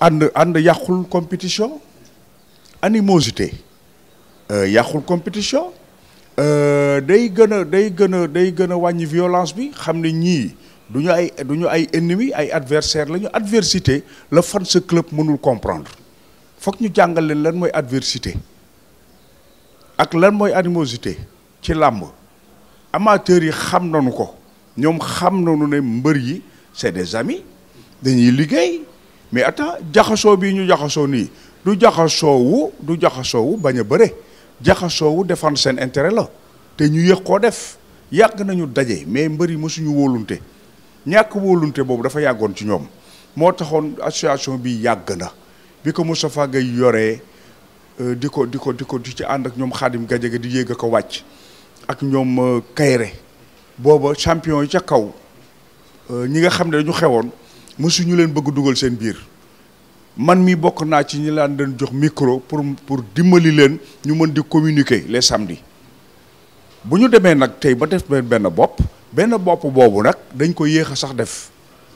ànd ànd yàqul compétition animosité euh, yàqul compétition euh, day gën a day gën a day gën a wàññi violence bi xam ne ñii duñu ay du ay ennemis ay adversaire la ñu adversité la fan sa club mënul comprendre foog ñu jàngal leen lan mooy adversité ak lan mooy animosité ci làmb amateurs yi xam nañu ko ñoom xam nañu ne mbër yi c'est des amis dañuy liggéey mais attends jaxasoo bii ñu jaxasoo nii du jaxasoowu du jaxasoowu bañ a bëre jaxasoowu défendre seen intérêt la te ñu yëg koo def yàgg nañu daje mais mbëri mësuñu wóolunte ñàkk wóolunte boobu dafa yàggoon ci ñoom moo taxoon association bi yàgg na bi ko Moustapha Gaye yoree euh, di ko di ko di ko di ci ànd ak ñoom Khadim Gadiaga di yéeg a ko wàcc ak ñoom euh, Kayre booba champion yi ca kaw euh, ñi nga xam ne dañu xewoon mësuñu leen bëgg dugal seen biir man mi bokk naa ci ñi laan doon jox micro pour pour dimbali leen ñu mën di communique les samedis bu ñu demee nag tey ba def benn bopp benn bopp boobu nag dañ ko yéex a sax def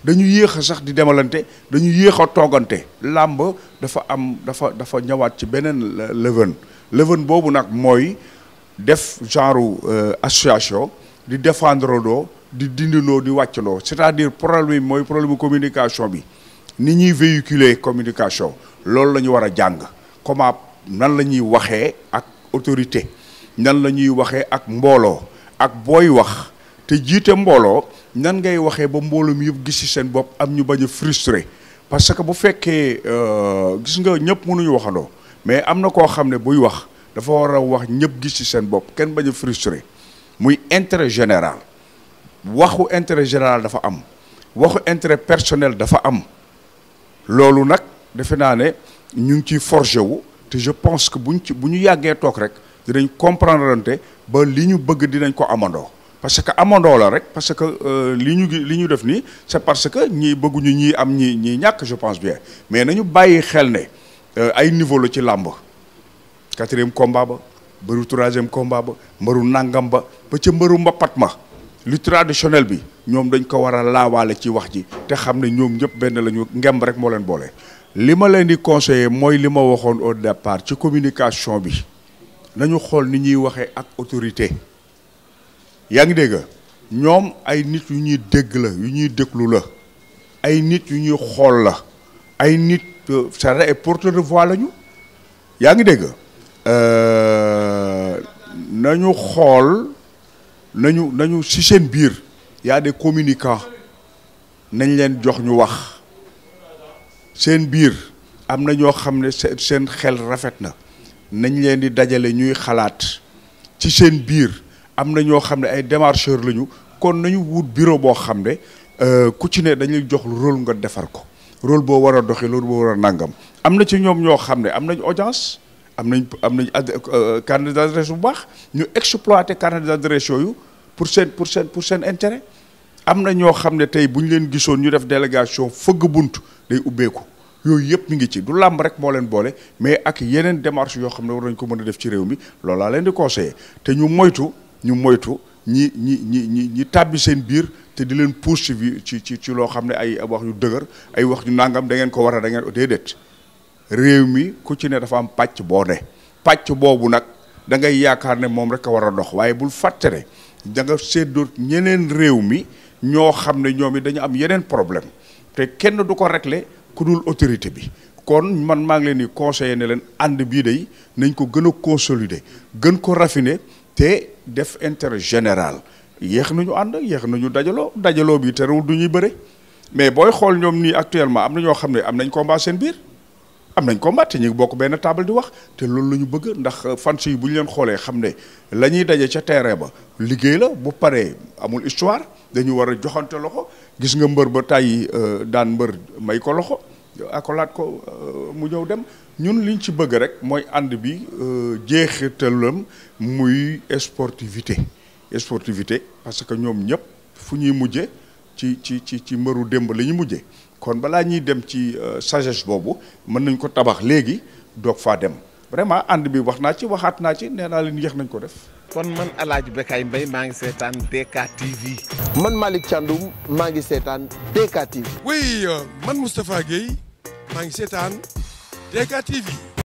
dañu yéex a sax di demalante dañu yéex a toogante làmb dafa am dafa dafa ñëwaat ci beneen leven leven boobu nag mooy def genre euh, association di défendre doo di dindinoo di wàccaloo c'est-à-dire problème bi mooy problème communication bi ni ñuy véhiculer communication loolu la ñu war a jàng comment nan la ñuy waxee ak autorité nan la ñuy waxee ak mbooloo ak booy wax te jiite mbooloo nan ngay waxee ba mbooloo mi yëpp gis ci seen bopp am ñu bañ a parce que bu fekkee euh, gis nga ñëpp mënuñu waxandoo mais am na koo xam ne buy wax dafa war a wax ñëpp gis ci seen bopp kenn bañ a frustré muy intérêt général waxu intérêt général dafa am waxu intérêt personnel dafa am loolu nag defe naa ne ñu ngi ciy forger wu te je pense que buñ ci bu ñu yàggee toog rek dinañ comprendre lante ba li ñu bëgg dinañ ko amando parce que amandoo la rek parce que euh, li ñu li ñu def nii c'est parce que ñi bëgguñu ñii am ñi ñii ñàkk je pense bien mais nañu bàyyi xel ne euh, ay niveau la ci làmb quatrième combat ba mbaru troisième combat mbaru nàngam ba ba ca mbëru mbapat ma lu traditionnel bi ñoom dañ ko waral a laawaale ci wax ji te xam ne ñoom ñëpp benn la ñu ngemb rek moo leen boole. li ma leen di conseiller mooy li ma waxoon au départ ci communication bi nañu xool ni ñuy waxee ak autorité yaa ngi dégg ñoom ay nit yu ñuy dégg la yu ñuy déglu la ay nit yu ñuy xool la ay nit c'est euh, vrai porte de voix la yaa ngi dégg euh, nañu xool. nañu nañu si seen biir yaa a des communicants nañ leen jox ñu wax seen biir am na ñoo xam ne seen xel rafet na nañ leen di dajale ñuy xalaat ci seen biir am na ñoo xam ne ay démarcheurs lañu kon nañu wut bureau boo xam ne euh, ku ci ne dañuy jox rôle nga defar ko rôle boo war a doxee rôle boo war a nangam am na ci ñoom ñoo xam ne am nañu audience am nañ am nañ euh, carnet d'adresse bu baax ñu exploité carnet d'adresse yooyu. pour seen pour seen pour seen intérêt am na ñoo xam ne tey bu ñu leen gisoon ñu def délégation fëgg bunt day ubbeeku yooyu yëpp mi ngi ci du làmb rek moo leen boole mais ak yeneen démarche yoo xam ne war nañ ko mën a def ci réew mi loolu laa leen di te ñu moytu ñu moytu ñi ñi ñi ñi ñi tàbbi seen biir te di leen pousse ci ci ci loo xam ne ay wax yu dëgër ay wax yu nàngam da ngeen ko war a da ngeen déedéet réew mi ku ci ne dafa am pàcc boo pàcc boobu nag da ngay yaakaar ne moom rek a war a dox waaye bul fàttare da nga ñeneen réew mi ñoo xam ne ñoom it dañu am yeneen problème te kenn du ko régler ku dul autorité bi kon man maa ngi leen di conseiller ne leen ànd bii day nañ ko gën a consolider gën ko raffiner te def intérêt général yéex nañu ànd yéex nañu dajaloo dajaloo bi terewul du ñuy bëre mais booy xool ñoom nii actuellement am na ñoo xam ne am nañ combat seen biir. am nañ combat te ñu bokk benn table di wax te loolu la ñu bëgg ndax fans yi bu ñu leen xoolee xam ne la ñuy daje ca terrain ba liggéey la bu paree amul histoire dañu war a joxante loxo gis nga mbër ba tàyyi euh, daan mbër may ko loxo akolaat ko euh, mu ñëw dem ñun liñ ci bëgg rek mooy ànd bi euh, jeexitalam muy sportivité sportivité parce que ñoom ñëpp fu ñuy mujje ci ci ci ci mbëru démb la ñu mujjee kon balaa ñuy dem ci euh, sagesse boobu mën nañ ko tabax léegi doog faa dem vraiment ànd bi wax naa ci waxaat naa ci nee naa leen yéex nañ ko def. kon man El Hadj Bekkay Mbaye maa ngi seetaan DK TV. man Malick Thiandoum maa ngi seetaan DK TV. oui euh, maa ngi seetaan TV.